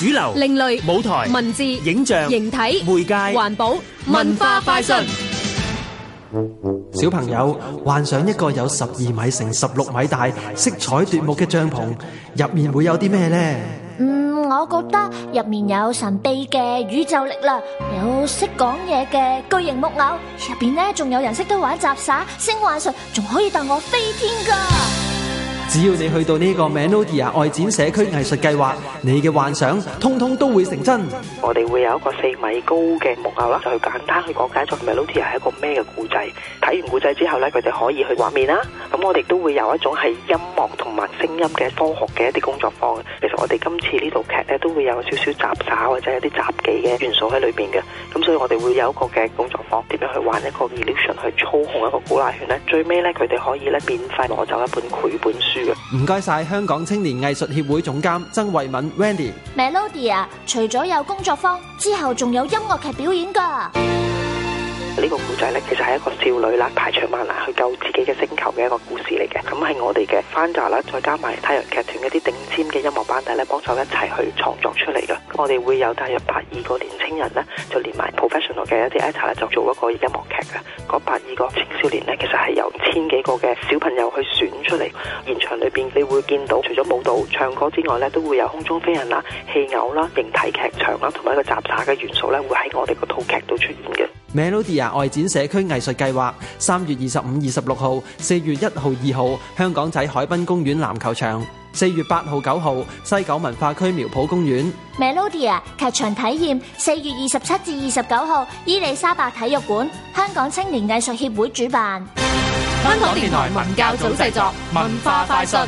主流、另類舞台、文字、影像、形體、媒介、環保、文化快訊。小朋友，幻想一個有十二米乘十六米大、色彩奪目嘅帳篷，入面會有啲咩呢？嗯，我覺得入面有神秘嘅宇宙力量，有識講嘢嘅巨型木偶，入邊呢仲有人識得玩雜耍、星幻術，仲可以帶我飛天噶。只要你去到呢個 Melody a 外展社區藝術計劃，你嘅幻想通通都會成真。我哋會有一個四米高嘅木偶啦，就去簡單去講解咗 Melody 係一個咩嘅故仔。睇完故仔之後呢，佢哋可以去畫面啦。咁我哋都會有一種係音樂同埋聲音嘅科學嘅一啲工作坊。其實我哋今次呢套劇呢，都會有少少雜耍或者有啲雜技嘅元素喺裏邊嘅。咁所以我哋會有一個嘅工作坊，點樣去玩一個 illusion 去操控一個呼拉圈呢？最尾呢，佢哋可以咧免費攞走一本繪本書。唔該晒，謝謝香港青年藝術協會總監曾慧敏 Wendy。Melody 啊，除咗有工作坊之後，仲有音樂劇表演噶。呢個故仔咧，其實係一個少女啦，排除萬難去救自己嘅星球嘅一個故事嚟嘅。咁、嗯、係我哋嘅翻查啦，再加埋太陽劇團嗰啲頂尖嘅音樂班底咧，幫手一齊去創作出嚟噶。咁、嗯、我哋會有大約八二個年青人咧，就連埋 professional 嘅一啲 actor 咧，就做一個音樂劇噶。嗰八二個青少年咧，其實係由千幾個嘅小朋友去選出嚟。便你會見到除咗舞蹈、唱歌之外咧，都會有空中飛人啦、戲偶啦、形體劇場啦，同埋一個雜耍嘅元素咧，會喺我哋個套劇度出現嘅。Melodia 外展社區藝術計劃，三月二十五、二十六號，四月一號、二號，香港仔海濱公園籃球場；四月八號、九號，西九文化區苗圃公園。Melodia 劇場體驗，四月二十七至二十九號，伊麗莎白體育館，香港青年藝術協會主辦。香港電台文教組製作《文化快訊》。